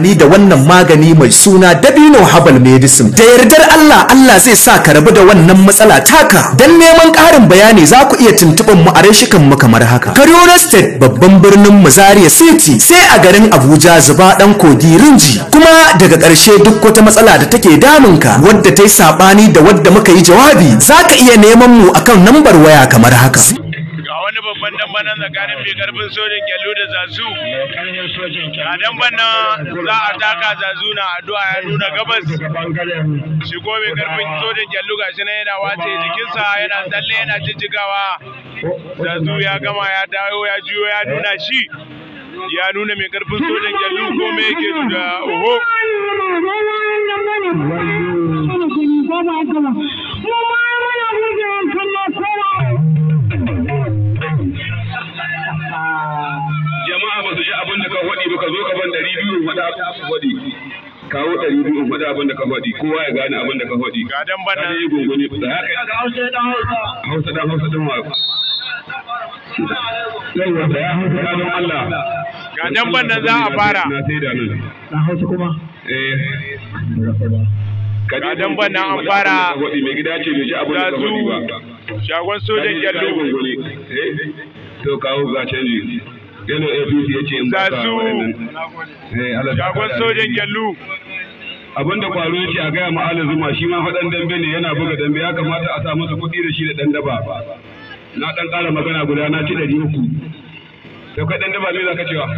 ni da wannan magani mai suna dabino habal medicine da yardar Allah Allah zai sa ka rabu da wannan matsala taka dan neman ƙarin bayani za ku iya tuntuɓin mu a reshikan mu kamar haka Kaduna State babban birnin mu Zaria City sai a garin Abuja zuba dan kogi Rinji kuma daga ƙarshe duk wata matsala da take damun ka wadda ta yi sabani da wadda muka yi jawabi za ka iya neman mu akan number waya kamar haka wani babban damban tsakanin mai karfin sojin gyallu da zazu a damban za a taka zazu na addu'a ya nuna gabas shi ko mai karfin sojin ga shi na yana wace jikinsa yana tsalle yana jijjigawa zazu ya gama ya dawo ya juyo ya nuna shi ya nuna mai karfin sojan gyallu ko me yake da oho ta faɗi kawo ɗari biyu faɗi abin da ka faɗi kowa ya gane abin da ka faɗi ga dan bana ne gungune da haka hausa da hausa din hausa wa yawa da ya hausa da don Allah ga dan bana za a fara na sai da nan na hausa kuma eh ga dan bana an fara mai gida ce bai ji abin da ka faɗi ba shagon sojan gyallo eh. to kawo ga canji yalo APC ya ce in ba ka wa'annan. Eh, Shagon sojan gyallu. abin da kwaro yake a gaya ma'ala zuma shi ma faɗan dambe ne yana buga dambe ya kamata a sa masa kuɗi da shi da ɗan daba na ɗan ƙara magana guda na ci ɗari uku da kai ɗan daba ne za ka cewa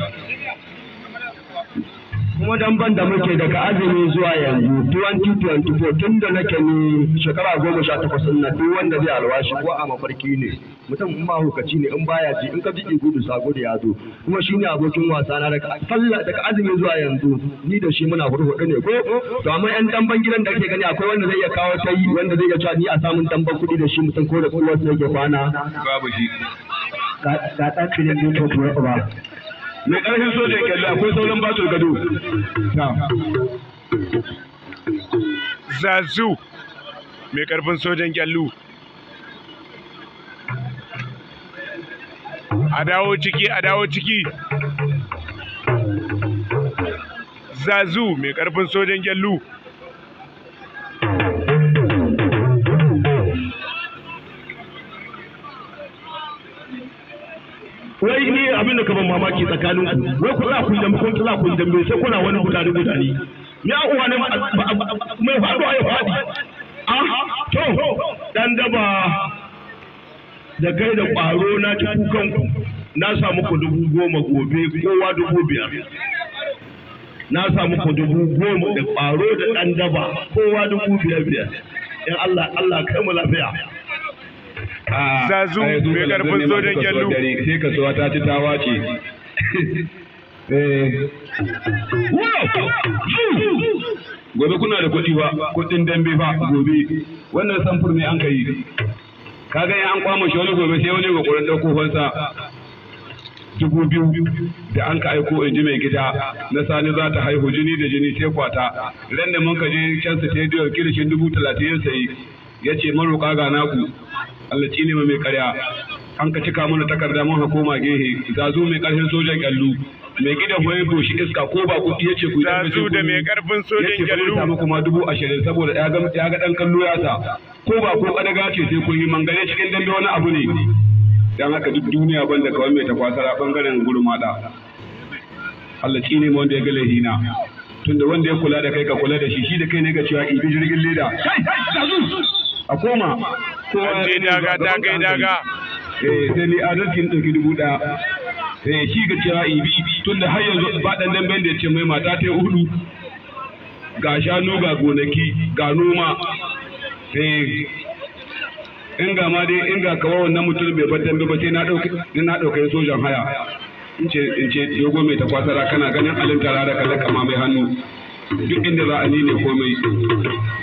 kuma dan ban da muke daga azumi zuwa yanzu 2024 tun da nake ne shekara goma sha takwas na duk wanda zai alwashi ko a mafarki ne mutum in ba hukaci ne in baya ji in ka ji gudu sako da ya zo kuma shi ne abokin wasa na daga sallah daga azumi zuwa yanzu ni da shi muna hurhuɗu ne ko to amma yan damban gidan da kake gani akwai wanda zai iya kawo sai wanda zai ga cewa ni a samun ban kuɗi da shi mutum ko da kowa sai ya kwana babu shi ga ɗaci ne ko to ba so ƙarfin soja da akwai sauran batul gado zazu mai ƙarfin sojan kyallu a dawo ciki a dawo ciki zazu mai karfin sojan gyallu wai ni abin da ka mamaki tsakanin ku wai ku za ku yi dambe kun za ku yi dambe sai kuna wani gudani gudani ni a uwa ne mai faɗuwa ya faɗi ah to dan daba da kai da ƙwaro na ci kukan na samu ku dubu goma gobe kowa dubu biyar na samu ku dubu goma da ƙwaro da ɗan daba kowa dubu biyar biyar in Allah Allah kai mu lafiya ah, zazu mai karfin zojen gyallu sai ka so ta ci eh. gobe kuna da kuɗi ba kuɗin dambe ba gobe wannan samfur ne an ka yi kaga in an kwama shi wani gobe sai wani kokarin dauko fansa dubu biyu da an ka aiko in ji mai gida na sani za ta haihu jini da jini sai kwata ran da mun ka je can stadium kirishin dubu talatin ya ya ce maroƙa ga naku Allah ne mai karya an ka cika mana takarda mun koma gehe zazu mai ƙarfin sojan kyallu mai gida ko ya doshi iska ko ba kuɗi ya ce ku da su da mai karfin sojin jallu ya ce kuma dubu ashirin saboda ya ga dan kallo ya sa ko ba ko kadaga ce sai kun yi mangare cikin dambe wani abu ne dan haka duk duniya banda kawai mai tafasara bangaren gurmada Allah ne wanda ya ga lahina tunda wanda ya kula da kai ka kula da shi shi da kai ne ga cewa ibi jirgin leda a koma kowa ne daga daga daga eh sai ni adalcin ɗauki dubu ɗaya eh shi ga cewa ibi eh, da har yanzu ba dan dambe da ya ce mai mata ta hudu ga shanu ga gonaki ga noma eh in ga ma dai in ga kawo wannan mutum bai bar dambe ba sai na dauke na dauke sojan haya in ce in ce dogo mai takwasara kana ganin alin tara da kalle kama mai hannu duk inda za a ni ne komai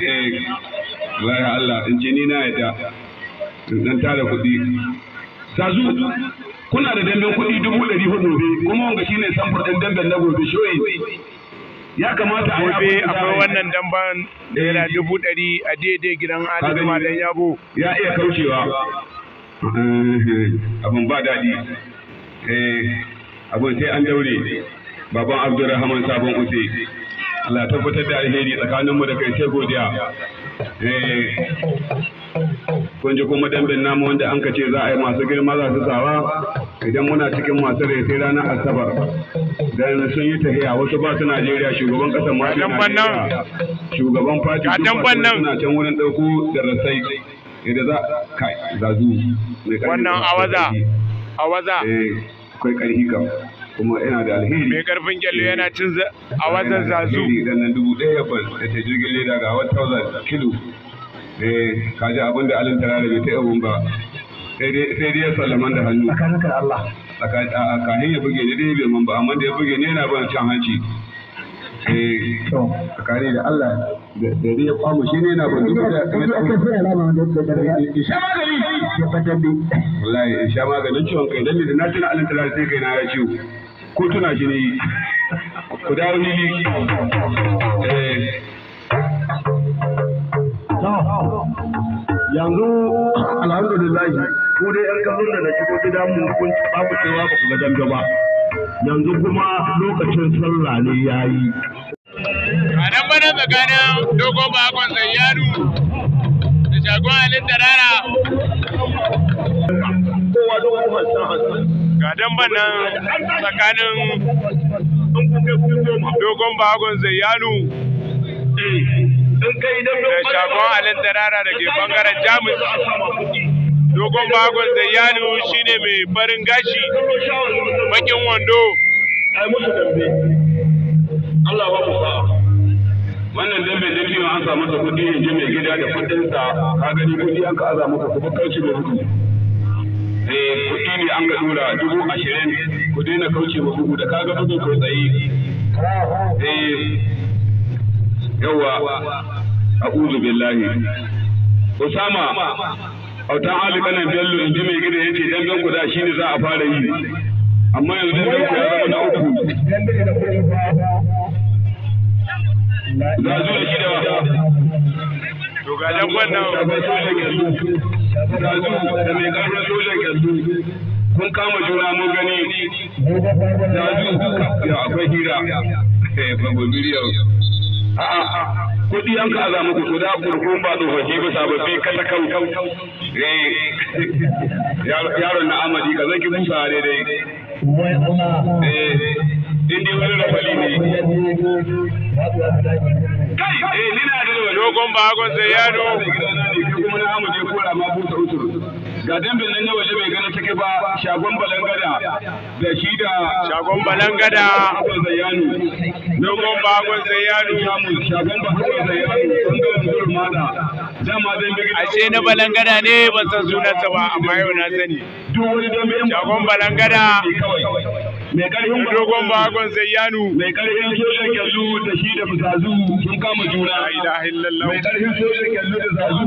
eh Allah in ce ni na yadda dan tara kuɗi sazu kuna da damben kuɗi dubu ɗari hudu gobe kuma wanga ne samfur ɗin damben na gobe shoyi ya kamata a gobe akwai wannan damben naira dubu ɗari a daidai gidan adama dan yabo ya iya kaucewa eh, abin ba daɗi eh, abin sai an daure baban abdurrahman sabon use Allah tabbatar da alheri tsakaninmu da kai sai godiya eh, kun ji kuma dambin namu wanda an ka ce za a yi masu girma za su sawa idan muna cikin masu ya sai ranar asabar dan sun yi tahiya wasu ba su najeriya shugaban kasar ma najeriya shugaban fati suna can wurin ɗauko da rasai idan za ka zazu wannan awaza awaza eh, akwai ƙarfi kam kuma yana da alheri mai karfin gyallo yana cin a wazan zazu nan dubu ɗaya ban da ta jirgin leda ga 1000 kilo eh kaji abin da alin tara da bai ta abun ba sai dai ya sallaman da hannu tsakanin Allah tsakanin ya buge ni dai bai man ba amma da ya buge ni yana ban can hanci eh, tsakanin da Allah da dai ya kwamu shi ne yana ban dubu da eh, eh, sha ya maganin ciwon kai dan da na tuna alin tara kai na ya ciwo ya tuna shi ne alhamdulillah ko dai yan kallon da na shigo gida mu kun ku cewa ba ku ga dambe ba yanzu kuma lokacin sallah ne yayi a nan bana tsakanin dogo da kowa dogo ga nan tsakanin dogon Bagon zayyanu da shagon alin tarara eh, da ke bangaren jamus dogon bagon zayyanu shine mai farin gashi bakin wando ai musu dambe Allah ba ku wannan dambe da kiyon an samu ta kudi yanzu mai gida da kudinsa ka gani kudi an ka aza maka kuma kauce da kudi eh kudi ne an ga dora dubu ashirin ku daina kauce wa bugu da kaga bugu ko tsaye eh yawa a'udhu billahi Usama autan hali kanan bello in ji mai gida ya ce damben ku da shi ne za a fara yi amma yanzu damben ku ya zama na uku za a shi da wata, to ga jan wannan sojan yanzu ga zo da mai karfin sojan yanzu kun kama juna mun gani da zo akwai hira eh, a'a kuɗi an ka aza muku da burkun ba tsofaffi ba sababbi kasa kan eh, yaron na amadi ka zaki musa ne dai in dai eh, wani rafali ne kai eh nina da dogon bagon sai yaro kuma na amu ne kora ma busa utur ga dambin nan yawa bai gani take ba shagon balangada da shi da shagon balangada zayanu da ba bagon zayanu shagon ba bagon zayanu bangaren zurmada dama a ce na balangada ne ban san sunansa ba amma yau na sani shagon balangada dogon bagon yanu. mai ƙarfin sojan kyallu da shi da fusazu sun kama juna mai ƙarfin sojan kyallu da zazu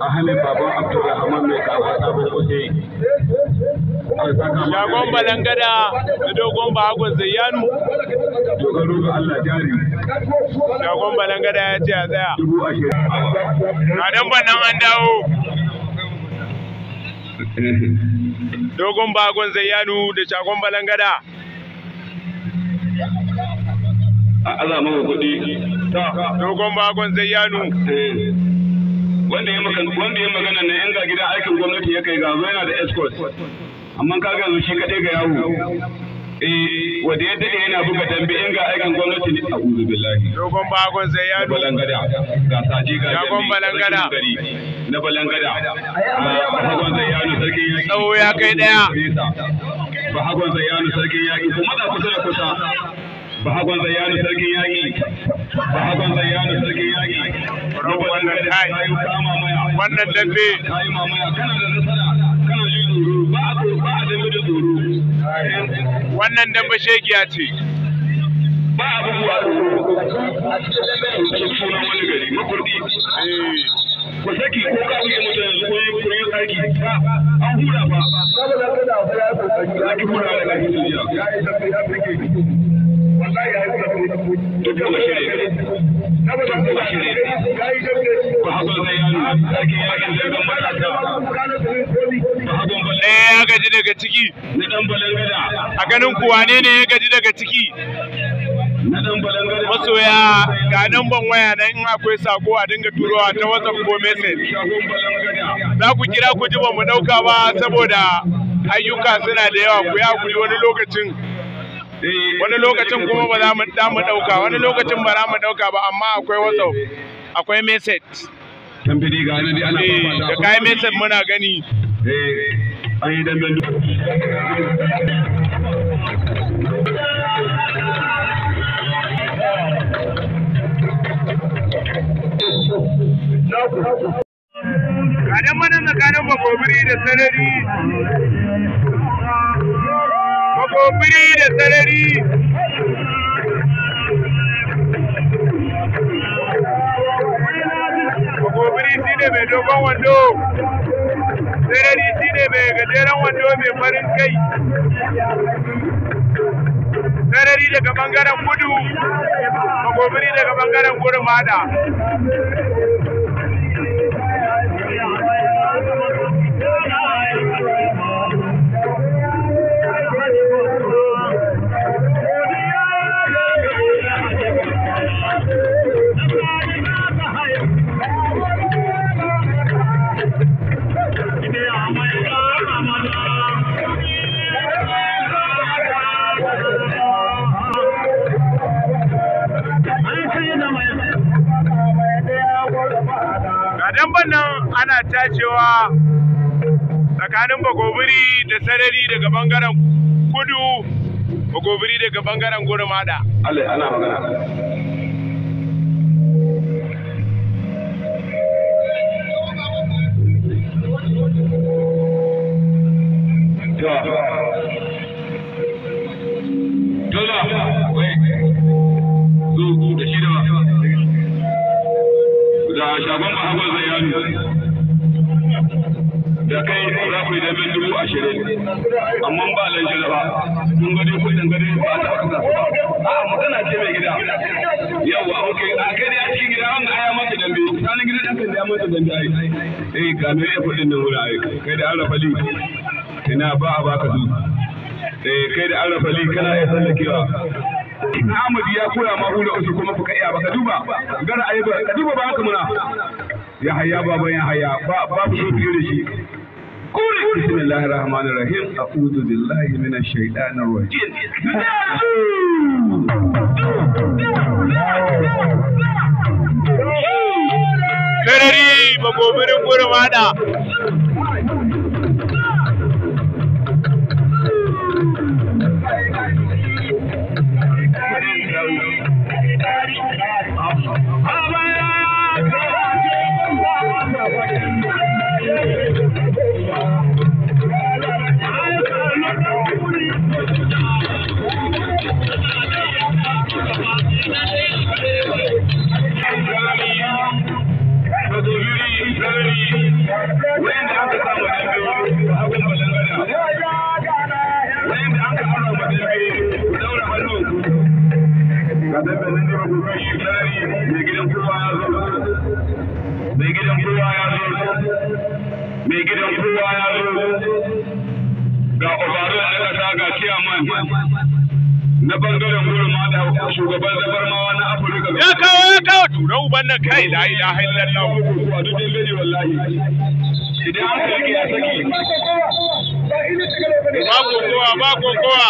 Ahmed baba Abdulrahman mai kawo sabon Hussein. Shagon balangada da dogon ba bahagon zayyanu. Dogaro ga Allah jari. Shagon balangada ya ce a tsaya. A dan nan an dawo. Dogon ba bahagon zayyanu da shagon balangada. A Allah mawa kuɗi. Dogon ba bahagon zayyanu. Eh. wanda ya wanda ya magana na yan gida aikin gwamnati ya kai ga yana da escort amma kaga yanzu shi kadai ga yawo eh wanda ya dade yana buga dambe in ga aikin gwamnati ne a'udhu billahi dogon bagon sai ya dogon balangada ga saji ga dogon balangada na balangada dogon sai ya nu sarki ya tsawo ya kai daya hagon sai ya nu sarki ya kuma da kusa da kusa bahagon zayyanu sarkin yaƙi zayyanu sarkin yaƙi rabu wannan kai wannan dambe wannan dambe shegiya ce ba a bugu a a da sunan wani gari makurdi eh. saki ko ka wuce mutane ko yi an hura ba saboda kada ki hura da ya gaji daga ciki a ganin kuwa ne ya gaji daga ciki masoya ga namban waya nan in akwai sako a dinga turowa ta whatsapp ko message za ku kira ku ji ba mu ɗauka ba saboda ayyuka suna da yawa ku ya wani lokacin wani lokacin kuma ba za mu mu dauka wani lokacin ba za mu dauka ba amma akwai whatsapp akwai message eh, da kai message muna gani eh, an yi dambe Kadan mana tsakanin makobiri da sanadi makobiri da sarari makobiri shi ne mai dogon wando sarari shi ne mai gajeren wando mai farin kai sarari daga bangaren gudu. makobiri daga bangaren gurmada damban nan ana tacewa tsakanin bagobiri da sarari daga bangaren kudu bagobiri daga bangaren gurmada Allah ana magana Good luck. akwai da bin dubu ashirin amma ba lanshi da ba mun gado kudin gado ba ta kusa a magana ce mai gida yawa ok a gani a cikin gida an ga aya maka dambe sanin gida dan kan da maka dambe ai eh ga me ya kudin nan wuri ai kai da arafa li ina ba a baka su eh kai da arafa li kana ya sallakewa Ahmad ya koya ma hula usu kuma baka iya baka duba gara ayi ba ka duba ba haka muna ya haya baban ya haya ba babu so fiye da shi بسم الله الرحمن الرحيم أعوذ بالله من الشيطان الرجيم Sarari ba gobirin gurin wada. zan mai gidan kowa ya zo mai gidan kowa ya ga obaru a ƙasa ga ciyaman na bangaren gurma da shugaban zabarmawa na ya kawo ya kawo tura uban na kai ya saki ba kokowa ba kokowa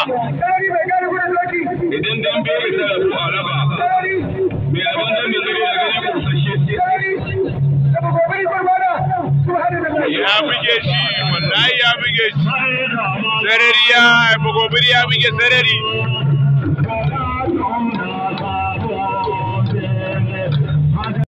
idan dan bai yi tara ko araba mai abin dan bai zai daga ne kusashe ya buge shi wallahi ya buge shi sarari ya bugobiri ya buge sarari